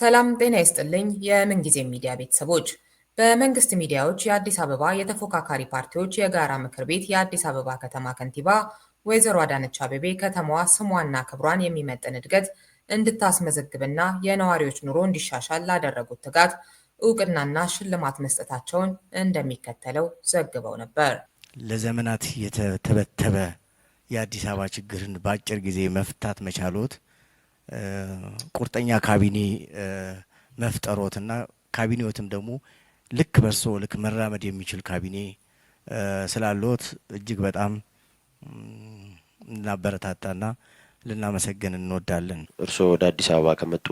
ሰላም ጤና ይስጥልኝ። የምንጊዜ ሚዲያ ቤተሰቦች በመንግስት ሚዲያዎች የአዲስ አበባ የተፎካካሪ ፓርቲዎች የጋራ ምክር ቤት የአዲስ አበባ ከተማ ከንቲባ ወይዘሮ አዳነች አቤቤ ከተማዋ ስሟና ክብሯን የሚመጥን እድገት እንድታስመዘግብና የነዋሪዎች ኑሮ እንዲሻሻል ላደረጉት ትጋት እውቅናና ሽልማት መስጠታቸውን እንደሚከተለው ዘግበው ነበር። ለዘመናት የተተበተበ የአዲስ አበባ ችግርን በአጭር ጊዜ መፍታት መቻሎት ቁርጠኛ ካቢኔ መፍጠሮት እና ካቢኔዎትም ደግሞ ልክ በርሶ ልክ መራመድ የሚችል ካቢኔ ስላለዎት እጅግ በጣም ልናበረታታና ልናመሰግን እንወዳለን። እርስዎ ወደ አዲስ አበባ ከመጡ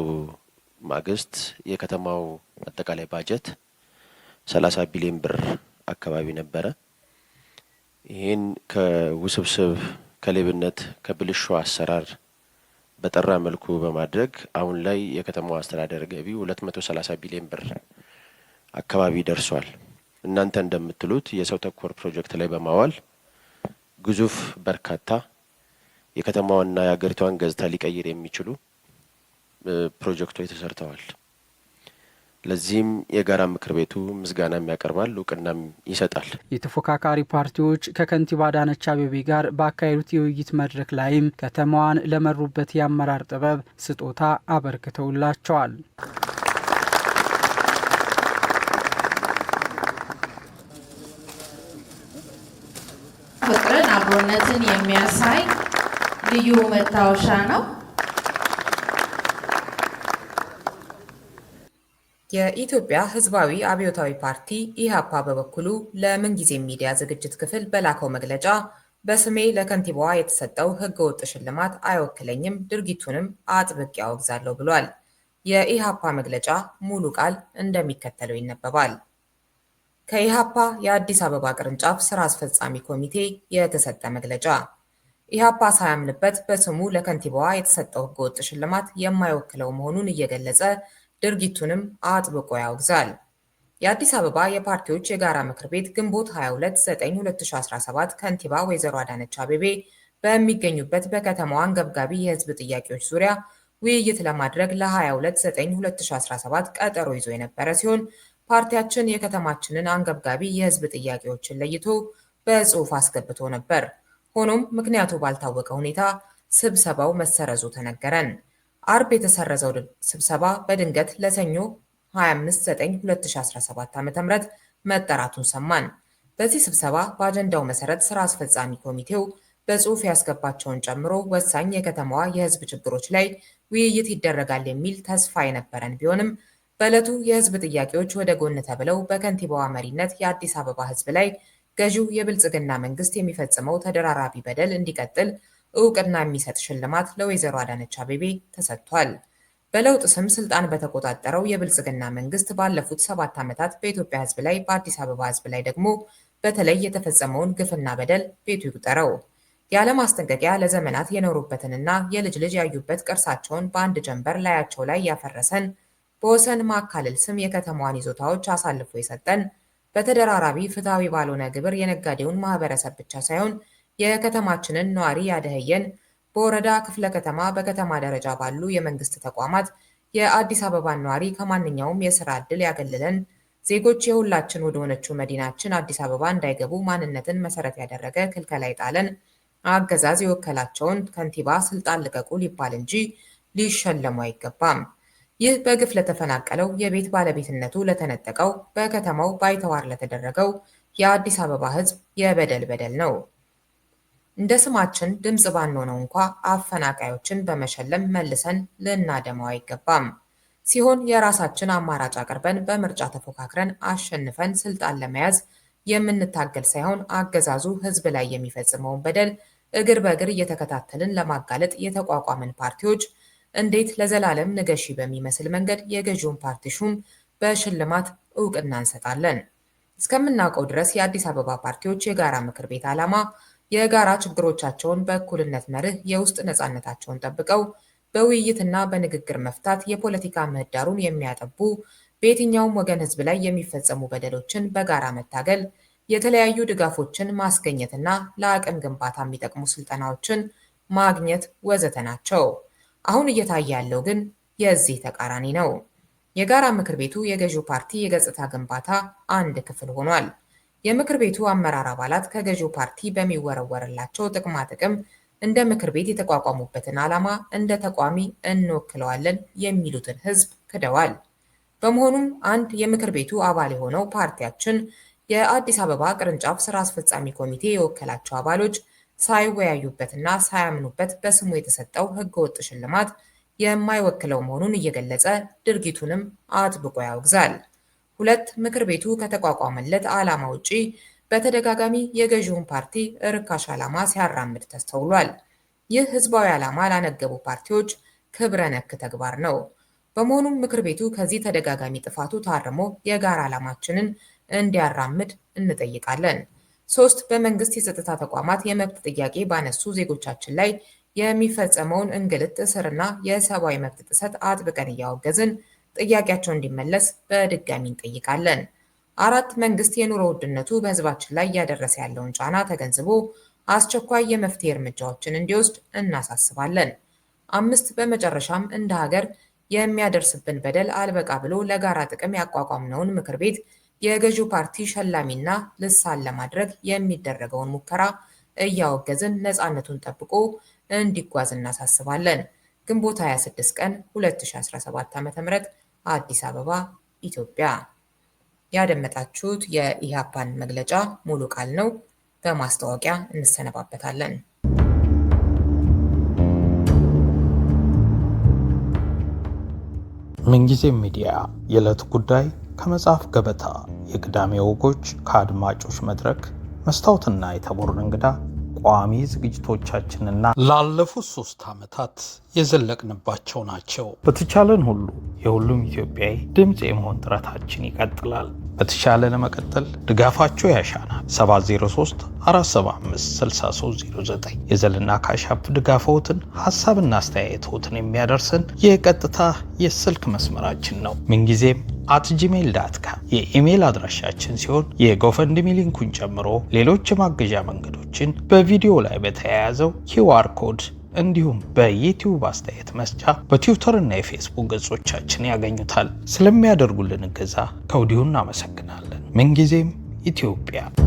ማግስት የከተማው አጠቃላይ ባጀት ሰላሳ ቢሊዮን ብር አካባቢ ነበረ። ይህን ከውስብስብ ከሌብነት ከብልሹ አሰራር በጠራ መልኩ በማድረግ አሁን ላይ የከተማዋ አስተዳደር ገቢ 230 ቢሊዮን ብር አካባቢ ደርሷል። እናንተ እንደምትሉት የሰው ተኮር ፕሮጀክት ላይ በማዋል ግዙፍ በርካታ የከተማዋና የሀገሪቷን ገጽታ ሊቀይር የሚችሉ ፕሮጀክቶች ተሰርተዋል። ለዚህም የጋራ ምክር ቤቱ ምስጋናም ያቀርባል፣ እውቅናም ይሰጣል። የተፎካካሪ ፓርቲዎች ከከንቲባ አዳነች አቤቤ ጋር ባካሄዱት የውይይት መድረክ ላይም ከተማዋን ለመሩበት የአመራር ጥበብ ስጦታ አበርክተውላቸዋል። ፍቅርን አብሮነትን የሚያሳይ ልዩ መታወሻ ነው። የኢትዮጵያ ህዝባዊ አብዮታዊ ፓርቲ ኢህአፓ በበኩሉ ለምንጊዜ ሚዲያ ዝግጅት ክፍል በላከው መግለጫ በስሜ ለከንቲባዋ የተሰጠው ህገወጥ ሽልማት አይወክለኝም፣ ድርጊቱንም አጥብቅ ያወግዛለሁ ብሏል። የኢህአፓ መግለጫ ሙሉ ቃል እንደሚከተለው ይነበባል። ከኢህአፓ የአዲስ አበባ ቅርንጫፍ ስራ አስፈጻሚ ኮሚቴ የተሰጠ መግለጫ ኢህአፓ ሳያምንበት በስሙ ለከንቲባዋ የተሰጠው ሕገወጥ ሽልማት የማይወክለው መሆኑን እየገለጸ ድርጊቱንም አጥብቆ ያወግዛል። የአዲስ አበባ የፓርቲዎች የጋራ ምክር ቤት ግንቦት 22/9/2017 ከንቲባ ወይዘሮ አዳነች አቤቤ በሚገኙበት በከተማዋ አንገብጋቢ የህዝብ ጥያቄዎች ዙሪያ ውይይት ለማድረግ ለ22/9/2017 ቀጠሮ ይዞ የነበረ ሲሆን ፓርቲያችን የከተማችንን አንገብጋቢ የህዝብ ጥያቄዎችን ለይቶ በጽሑፍ አስገብቶ ነበር። ሆኖም ምክንያቱ ባልታወቀ ሁኔታ ስብሰባው መሰረዙ ተነገረን። አርብ የተሰረዘው ስብሰባ በድንገት ለሰኞ 25/9/2017 ዓ.ም መጠራቱን ሰማን። በዚህ ስብሰባ በአጀንዳው መሰረት ስራ አስፈጻሚ ኮሚቴው በጽሑፍ ያስገባቸውን ጨምሮ ወሳኝ የከተማዋ የህዝብ ችግሮች ላይ ውይይት ይደረጋል የሚል ተስፋ የነበረን ቢሆንም በዕለቱ የህዝብ ጥያቄዎች ወደ ጎን ተብለው በከንቲባዋ መሪነት የአዲስ አበባ ህዝብ ላይ ገዢው የብልጽግና መንግስት የሚፈጽመው ተደራራቢ በደል እንዲቀጥል እውቅና የሚሰጥ ሽልማት ለወይዘሮ አዳነች አቤቤ ተሰጥቷል። በለውጥ ስም ስልጣን በተቆጣጠረው የብልጽግና መንግስት ባለፉት ሰባት ዓመታት በኢትዮጵያ ሕዝብ ላይ በአዲስ አበባ ሕዝብ ላይ ደግሞ በተለይ የተፈጸመውን ግፍና በደል ቤቱ ይቁጠረው። ያለ ማስጠንቀቂያ ለዘመናት የኖሩበትንና የልጅ ልጅ ያዩበት ቅርሳቸውን በአንድ ጀንበር ላያቸው ላይ ያፈረሰን፣ በወሰን ማካለል ስም የከተማዋን ይዞታዎች አሳልፎ የሰጠን፣ በተደራራቢ ፍትሐዊ ባልሆነ ግብር የነጋዴውን ማህበረሰብ ብቻ ሳይሆን የከተማችንን ነዋሪ ያደህየን በወረዳ ክፍለ ከተማ በከተማ ደረጃ ባሉ የመንግስት ተቋማት የአዲስ አበባን ነዋሪ ከማንኛውም የስራ ዕድል ያገለለን ዜጎች የሁላችን ወደ ሆነችው መዲናችን አዲስ አበባ እንዳይገቡ ማንነትን መሰረት ያደረገ ክልከላ የጣለን አገዛዝ የወከላቸውን ከንቲባ ስልጣን ልቀቁ ሊባል እንጂ ሊሸለሙ አይገባም። ይህ በግፍ ለተፈናቀለው የቤት ባለቤትነቱ ለተነጠቀው በከተማው ባይተዋር ለተደረገው የአዲስ አበባ ህዝብ የበደል በደል ነው። እንደ ስማችን ድምፅ ባንሆነው እንኳ አፈናቃዮችን በመሸለም መልሰን ልናደማው አይገባም ሲሆን የራሳችን አማራጭ አቅርበን በምርጫ ተፎካክረን አሸንፈን ስልጣን ለመያዝ የምንታገል ሳይሆን አገዛዙ ሕዝብ ላይ የሚፈጽመውን በደል እግር በእግር እየተከታተልን ለማጋለጥ የተቋቋመን ፓርቲዎች እንዴት ለዘላለም ንገሺ በሚመስል መንገድ የገዢውን ፓርቲ ሹም በሽልማት እውቅና እንሰጣለን? እስከምናውቀው ድረስ የአዲስ አበባ ፓርቲዎች የጋራ ምክር ቤት ዓላማ የጋራ ችግሮቻቸውን በእኩልነት መርህ የውስጥ ነፃነታቸውን ጠብቀው በውይይትና በንግግር መፍታት የፖለቲካ ምህዳሩን የሚያጠቡ በየትኛውም ወገን ህዝብ ላይ የሚፈጸሙ በደሎችን በጋራ መታገል የተለያዩ ድጋፎችን ማስገኘትና ለአቅም ግንባታ የሚጠቅሙ ስልጠናዎችን ማግኘት ወዘተ ናቸው። አሁን እየታየ ያለው ግን የዚህ ተቃራኒ ነው። የጋራ ምክር ቤቱ የገዢው ፓርቲ የገጽታ ግንባታ አንድ ክፍል ሆኗል። የምክር ቤቱ አመራር አባላት ከገዢው ፓርቲ በሚወረወርላቸው ጥቅማ ጥቅም እንደ ምክር ቤት የተቋቋሙበትን ዓላማ እንደ ተቋሚ እንወክለዋለን የሚሉትን ህዝብ ክደዋል። በመሆኑም አንድ የምክር ቤቱ አባል የሆነው ፓርቲያችን የአዲስ አበባ ቅርንጫፍ ስራ አስፈጻሚ ኮሚቴ የወከላቸው አባሎች ሳይወያዩበትና ሳያምኑበት በስሙ የተሰጠው ህገወጥ ሽልማት የማይወክለው መሆኑን እየገለጸ ድርጊቱንም አጥብቆ ያወግዛል። ሁለት ምክር ቤቱ ከተቋቋመለት ዓላማ ውጪ በተደጋጋሚ የገዢውን ፓርቲ ርካሽ ዓላማ ሲያራምድ ተስተውሏል። ይህ ህዝባዊ ዓላማ ላነገቡ ፓርቲዎች ክብረ ነክ ተግባር ነው። በመሆኑም ምክር ቤቱ ከዚህ ተደጋጋሚ ጥፋቱ ታርሞ የጋራ ዓላማችንን እንዲያራምድ እንጠይቃለን። ሶስት በመንግስት የጸጥታ ተቋማት የመብት ጥያቄ ባነሱ ዜጎቻችን ላይ የሚፈጸመውን እንግልት፣ እስርና የሰብአዊ መብት ጥሰት አጥብቀን እያወገዝን ጥያቄያቸው እንዲመለስ በድጋሚ እንጠይቃለን። አራት መንግስት የኑሮ ውድነቱ በህዝባችን ላይ እያደረሰ ያለውን ጫና ተገንዝቦ አስቸኳይ የመፍትሄ እርምጃዎችን እንዲወስድ እናሳስባለን። አምስት በመጨረሻም እንደ ሀገር የሚያደርስብን በደል አልበቃ ብሎ ለጋራ ጥቅም ያቋቋምነውን ምክር ቤት የገዢው ፓርቲ ሸላሚና ልሳን ለማድረግ የሚደረገውን ሙከራ እያወገዝን ነፃነቱን ጠብቆ እንዲጓዝ እናሳስባለን። ግንቦት 26 ቀን 2017 ዓ.ም አዲስ አበባ ኢትዮጵያ። ያደመጣችሁት የኢህአፓን መግለጫ ሙሉ ቃል ነው። በማስታወቂያ እንሰነባበታለን። ምንጊዜ ሚዲያ የዕለት ጉዳይ ከመጽሐፍ ገበታ የቅዳሜ ወጎች ከአድማጮች መድረክ መስታወትና የተቦርን እንግዳ ቋሚ ዝግጅቶቻችንና ላለፉት ሶስት ዓመታት የዘለቅንባቸው ናቸው። በተቻለን ሁሉ የሁሉም ኢትዮጵያዊ ድምፅ የመሆን ጥረታችን ይቀጥላል። በተቻለ ለመቀጠል ድጋፋቸው ያሻናል። 7034756309 የዘልና ካሻፕ ድጋፈውትን ሀሳብና አስተያየትትን የሚያደርሰን የቀጥታ የስልክ መስመራችን ነው። ምንጊዜም አት ጂሜል ዳት የኢሜይል አድራሻችን ሲሆን የጎፈንድሚ ሊንኩን ጨምሮ ሌሎች የማገዣ መንገዶችን በቪዲዮ ላይ በተያያዘው ኪዋር ኮድ እንዲሁም በዩቲዩብ አስተያየት መስጫ በትዊተርና የፌስቡክ ገጾቻችን ያገኙታል። ስለሚያደርጉልን እገዛ ከወዲሁ እናመሰግናለን። ምንጊዜም ኢትዮጵያ